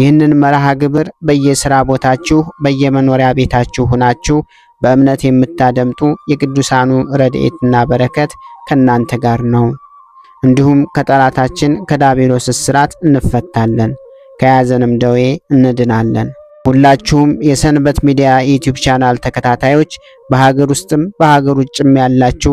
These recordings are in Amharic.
ይህንን መርሃ ግብር በየስራ ቦታችሁ በየመኖሪያ ቤታችሁ ሁናችሁ በእምነት የምታደምጡ የቅዱሳኑ ረድኤትና በረከት ከእናንተ ጋር ነው። እንዲሁም ከጠላታችን ከዲያብሎስ እስራት እንፈታለን፣ ከያዘንም ደዌ እንድናለን። ሁላችሁም የሰንበት ሚዲያ ዩቲዩብ ቻናል ተከታታዮች በሀገር ውስጥም በሀገር ውጭም ያላችሁ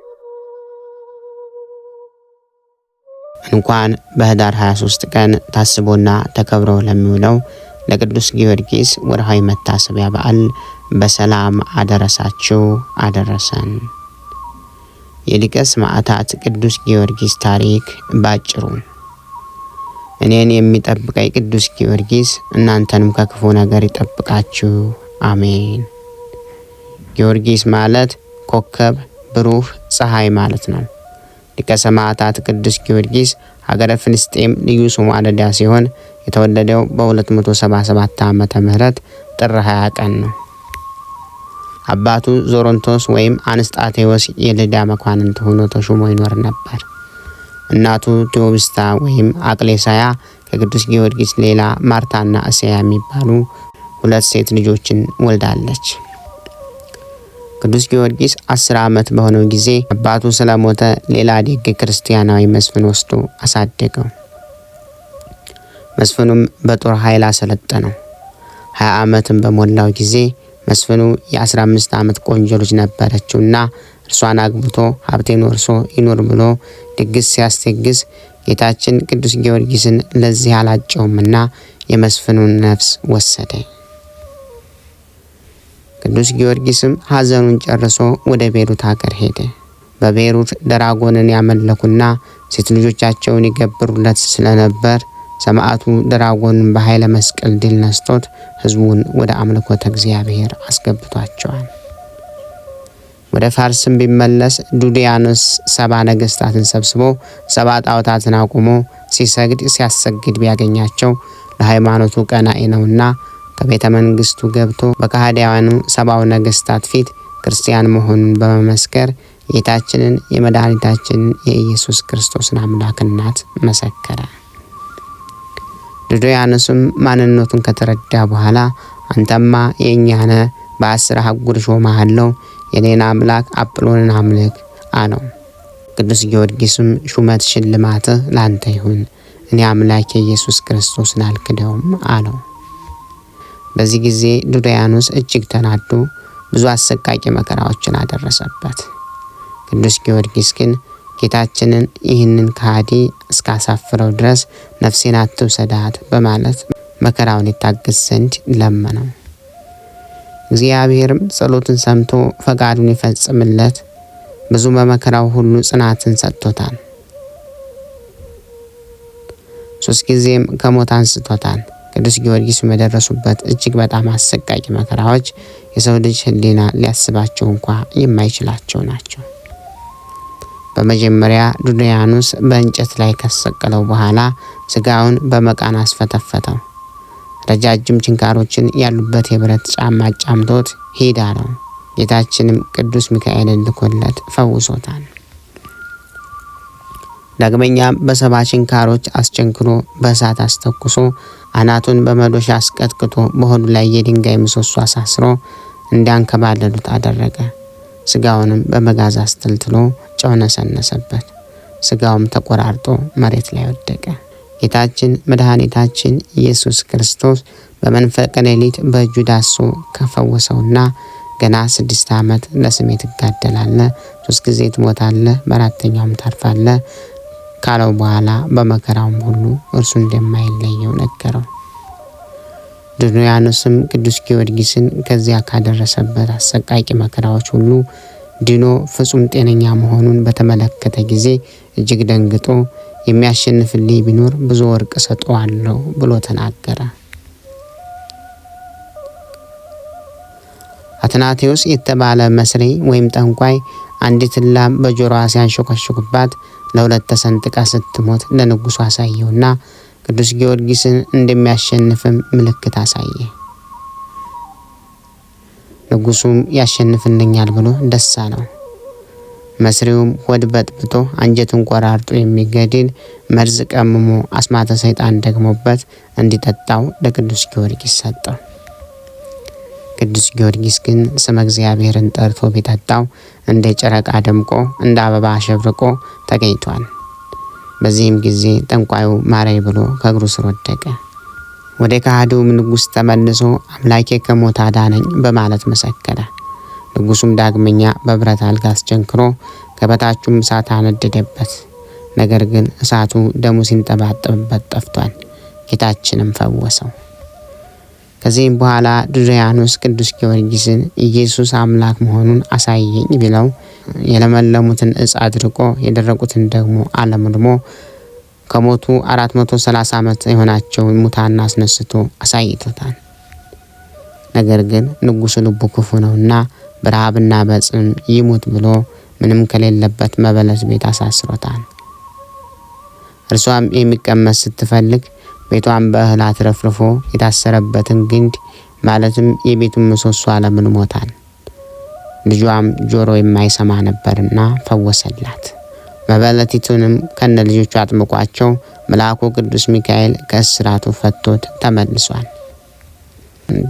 እንኳን በህዳር 23 ቀን ታስቦና ተከብሮ ለሚውለው ለቅዱስ ጊዮርጊስ ወርሃዊ መታሰቢያ በዓል በሰላም አደረሳችሁ አደረሰን። የሊቀ ሰማዕታት ቅዱስ ጊዮርጊስ ታሪክ ባጭሩ። እኔን የሚጠብቀኝ ቅዱስ ጊዮርጊስ እናንተንም ከክፉ ነገር ይጠብቃችሁ፣ አሜን። ጊዮርጊስ ማለት ኮከብ፣ ብሩህ፣ ፀሐይ ማለት ነው። ሊቀ ሰማዕታት ቅዱስ ጊዮርጊስ ሀገረ ፍልስጤም ልዩ ስሙ አደዳ ሲሆን የተወለደው በ277 ዓመተ ምህረት ጥር 20 ቀን ነው። አባቱ ዞሮንቶስ ወይም አንስጣቴዎስ የልዳ መኳንንት ሆኖ ተሹሞ ይኖር ነበር። እናቱ ቴዎብስታ ወይም አቅሌሳያ ከቅዱስ ጊዮርጊስ ሌላ ማርታና እስያ የሚባሉ ሁለት ሴት ልጆችን ወልዳለች። ቅዱስ ጊዮርጊስ አስር ዓመት በሆነው ጊዜ አባቱ ስለሞተ ሌላ ደግ ክርስቲያናዊ መስፍን ወስዶ አሳደገው። መስፍኑም በጦር ኃይል አሰለጠነው። ሀያ ዓመትም በሞላው ጊዜ መስፍኑ የ15 ዓመት ቆንጆ ልጅ ነበረችውና እርሷን አግብቶ ሀብቴን ወርሶ ይኖር ብሎ ድግስ ሲያስደግስ ጌታችን ቅዱስ ጊዮርጊስን ለዚህ አላጨውምና የመስፍኑን ነፍስ ወሰደ። ቅዱስ ጊዮርጊስም ሐዘኑን ጨርሶ ወደ ቤሩት አገር ሄደ። በቤሩት ደራጎንን ያመለኩና ሴት ልጆቻቸውን ይገብሩለት ስለነበር ሰማዕቱ ደራጎንን በኃይለ መስቀል ድል ነስቶት ሕዝቡን ወደ አምልኮተ እግዚአብሔር አስገብቷቸዋል። ወደ ፋርስም ቢመለስ ዱዲያኖስ ሰባ ነገሥታትን ሰብስቦ ሰባ ጣዖታትን አቁሞ ሲሰግድ ሲያሰግድ ቢያገኛቸው ለሃይማኖቱ ቀናኢ ነውና ከቤተ መንግስቱ ገብቶ በከሃዲያኑ ሰባው ነገስታት ፊት ክርስቲያን መሆኑን በመመስከር ጌታችንን የመድኃኒታችንን የኢየሱስ ክርስቶስን አምላክናት መሰከረ። ድዶያኖስም ማንነቱን ከተረዳ በኋላ አንተማ የእኛነ በአስር አህጉር ሾመሃለው የኔን አምላክ አጵሎንን አምልክ አለው። ቅዱስ ጊዮርጊስም ሹመት ሽልማትህ ላንተ ይሁን፣ እኔ አምላክ የኢየሱስ ክርስቶስን አልክደውም አለው። በዚህ ጊዜ ዱድያኖስ እጅግ ተናዶ ብዙ አሰቃቂ መከራዎችን አደረሰበት። ቅዱስ ጊዮርጊስ ግን ጌታችንን ይህንን ከሃዲ እስካሳፍረው ድረስ ነፍሴን አትውሰዳት በማለት መከራውን ይታገስ ዘንድ ለመነው። እግዚአብሔርም ጸሎትን ሰምቶ ፈቃዱን ይፈጽምለት ብዙ በመከራው ሁሉ ጽናትን ሰጥቶታል። ሶስት ጊዜም ከሞት አንስቶታል። ቅዱስ ጊዮርጊስም የደረሱበት እጅግ በጣም አሰቃቂ መከራዎች የሰው ልጅ ሕሊና ሊያስባቸው እንኳ የማይችላቸው ናቸው። በመጀመሪያ ዱድያኑስ በእንጨት ላይ ከሰቀለው በኋላ ስጋውን በመቃን አስፈተፈተው። ረጃጅም ችንካሮችን ያሉበት የብረት ጫማ ጫምቶት ሂድ አለው። ጌታችንም ቅዱስ ሚካኤልን ልኮለት ፈውሶታል። ዳግመኛም በሰባ ችንካሮች አስቸንክሮ በእሳት አስተኩሶ አናቱን በመዶሻ አስቀጥቅጦ በሆዱ ላይ የድንጋይ ምሰሶ አሳስሮ እንዲያንከባለሉት አደረገ። ስጋውንም በመጋዝ አስተልትሎ ጨው ነሰነሰበት። ስጋውም ተቆራርጦ መሬት ላይ ወደቀ። ጌታችን መድኃኒታችን ኢየሱስ ክርስቶስ በመንፈቀ ሌሊት በእጁ ዳሶ ከፈወሰውና ገና ስድስት ዓመት ለስሜ ትጋደላለ። ሶስት ጊዜ ትሞታለ፣ በአራተኛውም ታርፋለ፣ ካለው በኋላ በመከራውም ሁሉ እርሱ እንደማይለየው ነገረው። ያነስም ቅዱስ ጊዮርጊስን ከዚያ ካደረሰበት አሰቃቂ መከራዎች ሁሉ ድኖ ፍጹም ጤነኛ መሆኑን በተመለከተ ጊዜ እጅግ ደንግጦ የሚያሸንፍልኝ ቢኖር ብዙ ወርቅ ሰጠዋለሁ ብሎ ተናገረ። አትናቴዎስ የተባለ መስሪ ወይም ጠንቋይ አንዲት ላም በጆሮዋ ሲያንሾከሹክባት ለሁለት ተሰንጥቃ ስትሞት ለንጉሱ አሳየውና ቅዱስ ጊዮርጊስን እንደሚያሸንፍም ምልክት አሳየ። ንጉሱም ያሸንፍልኛል ብሎ ደስ አለው። መስሪውም ሆድ በጥብጦ አንጀቱን ቆራርጦ የሚገድል መርዝ ቀምሞ አስማተ ሰይጣን ደግሞበት እንዲጠጣው ለቅዱስ ጊዮርጊስ ሰጠው። ቅዱስ ጊዮርጊስ ግን ስመ እግዚአብሔርን ጠርቶ ቢጠጣው እንደ ጨረቃ ደምቆ እንደ አበባ አሸብርቆ ተገኝቷል። በዚህም ጊዜ ጠንቋዩ ማረይ ብሎ ከእግሩ ስር ወደቀ። ወደ ካህዲውም ንጉሥ ተመልሶ አምላኬ ከሞት አዳነኝ በማለት መሰከረ። ንጉሱም ዳግመኛ በብረት አልጋ አስቸንክሮ ከበታቹም እሳት አነደደበት። ነገር ግን እሳቱ ደሙ ሲንጠባጠብበት ጠፍቷል። ጌታችንም ፈወሰው። ከዚህም በኋላ ድሪያኖስ ቅዱስ ጊዮርጊስን ኢየሱስ አምላክ መሆኑን አሳየኝ ቢለው የለመለሙትን እጽ አድርቆ የደረቁትን ደግሞ አለምድሞ ከሞቱ 430 ዓመት የሆናቸውን ሙታና አስነስቶ አሳይቶታል። ነገር ግን ንጉሱ ልቡ ክፉ ነውና በረሃብና በጽም ይሙት ብሎ ምንም ከሌለበት መበለስ ቤት አሳስሮታል። እርሷም የሚቀመስ ስትፈልግ ቤቷን በእህል አትረፍርፎ የታሰረበትን ግንድ ማለትም የቤቱን ምሰሶ አለምንሞታል። ልጇም ጆሮ የማይሰማ ነበርና ፈወሰላት። መበለቲቱንም ከነ ልጆቹ አጥምቋቸው መልአኩ ቅዱስ ሚካኤል ከእስራቱ ፈቶት ተመልሷል።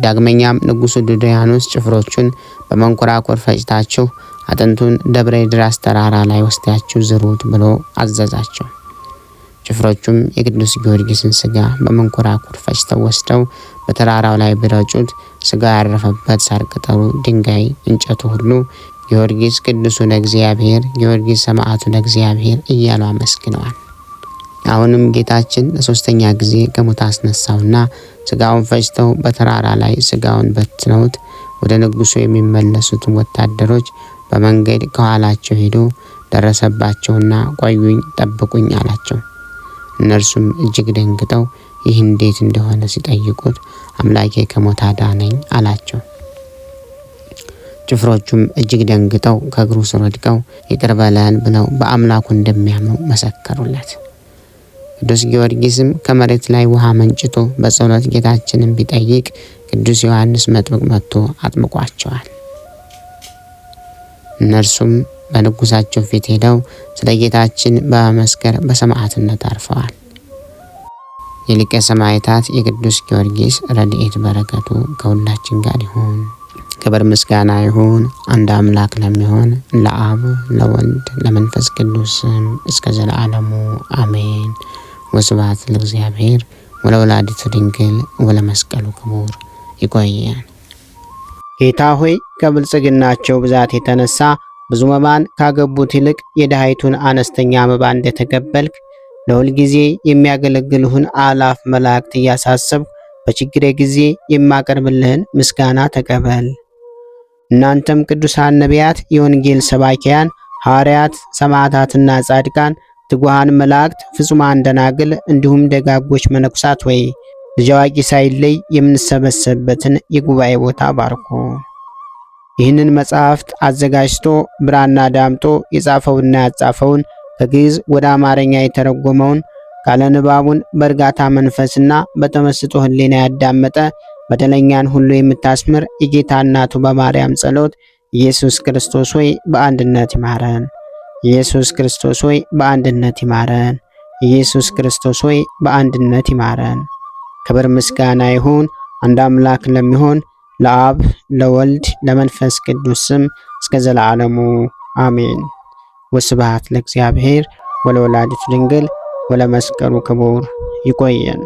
ዳግመኛም ንጉሡ ዱድያኖስ ጭፍሮቹን በመንኮራኮር ፈጭታችሁ አጥንቱን ደብረ ድራስ ተራራ ላይ ወስዳችሁ ዝሩት ብሎ አዘዛቸው። ጭፍሮቹም የቅዱስ ጊዮርጊስን ስጋ በመንኮራኩር ፈጭተው ወስደው በተራራው ላይ ብረጩት ስጋ ያረፈበት ሳር ቅጠሉ፣ ድንጋይ፣ እንጨቱ ሁሉ ጊዮርጊስ ቅዱሱ ለእግዚአብሔር፣ ጊዮርጊስ ሰማዕቱ ለእግዚአብሔር እያሉ አመስግነዋል። አሁንም ጌታችን ለሶስተኛ ጊዜ ከሙት አስነሳውና ስጋውን ፈጭተው በተራራ ላይ ስጋውን በትነውት ወደ ንጉሱ የሚመለሱትን ወታደሮች በመንገድ ከኋላቸው ሄዶ ደረሰባቸውና ቆዩኝ፣ ጠብቁኝ አላቸው። እነርሱም እጅግ ደንግጠው ይህ እንዴት እንደሆነ ሲጠይቁት አምላኬ ከሞት አዳነኝ አላቸው። ጭፍሮቹም እጅግ ደንግጠው ከእግሩ ስር ወድቀው ይቅር በለን ብለው በአምላኩ እንደሚያምኑ መሰከሩለት። ቅዱስ ጊዮርጊስም ከመሬት ላይ ውሃ መንጭቶ በጸሎት ጌታችንን ቢጠይቅ ቅዱስ ዮሐንስ መጥምቅ መጥቶ አጥምቋቸዋል። እነርሱም በንጉሳቸው ፊት ሄደው ስለ ጌታችን በመመስከር በሰማዕትነት አርፈዋል። የሊቀ ሰማዕታት የቅዱስ ጊዮርጊስ ረድኤት በረከቱ ከሁላችን ጋር ይሁን። ክብር ምስጋና ይሁን አንድ አምላክ ለሚሆን ለአብ ለወልድ ለመንፈስ ቅዱስም እስከ ዘለዓለሙ አሜን። ወስብሐት ለእግዚአብሔር ወለወላዲቱ ድንግል ወለመስቀሉ ክቡር። ይቆየን። ጌታ ሆይ ከብልጽግናቸው ብዛት የተነሳ ብዙ መባን ካገቡት ይልቅ የድሃይቱን አነስተኛ መባ እንደተቀበልክ ለሁል ጊዜ የሚያገለግልህን አላፍ መላእክት እያሳሰብኩ በችግሬ ጊዜ የማቀርብልህን ምስጋና ተቀበል። እናንተም ቅዱሳን ነቢያት፣ የወንጌል ሰባኪያን ሐዋርያት፣ ሰማዕታትና ጻድቃን፣ ትጉሃን መላእክት፣ ፍጹማን ደናግል እንዲሁም ደጋጎች መነኩሳት ወይ ልጅ አዋቂ ሳይለይ የምንሰበሰብበትን የጉባኤ ቦታ ባርኩ። ይህንን መጽሐፍት አዘጋጅቶ ብራና ዳምጦ የጻፈውና ያጻፈውን ከግዕዝ ወደ አማርኛ የተረጎመውን ቃለ ንባቡን በእርጋታ መንፈስና በተመስጦ ሕሊና ያዳመጠ በደለኛን ሁሉ የምታስምር የጌታ እናቱ በማርያም ጸሎት ኢየሱስ ክርስቶስ ሆይ በአንድነት ይማረን። ኢየሱስ ክርስቶስ ሆይ በአንድነት ይማረን። ኢየሱስ ክርስቶስ ሆይ በአንድነት ይማረን። ክብር ምስጋና ይሁን አንድ አምላክ ለሚሆን ለአብ ለወልድ ለመንፈስ ቅዱስ ስም እስከ ዘለዓለሙ አሜን። ወስብሐት ለእግዚአብሔር ወለወላዲቱ ድንግል ወለመስቀሉ ክቡር። ይቆየን።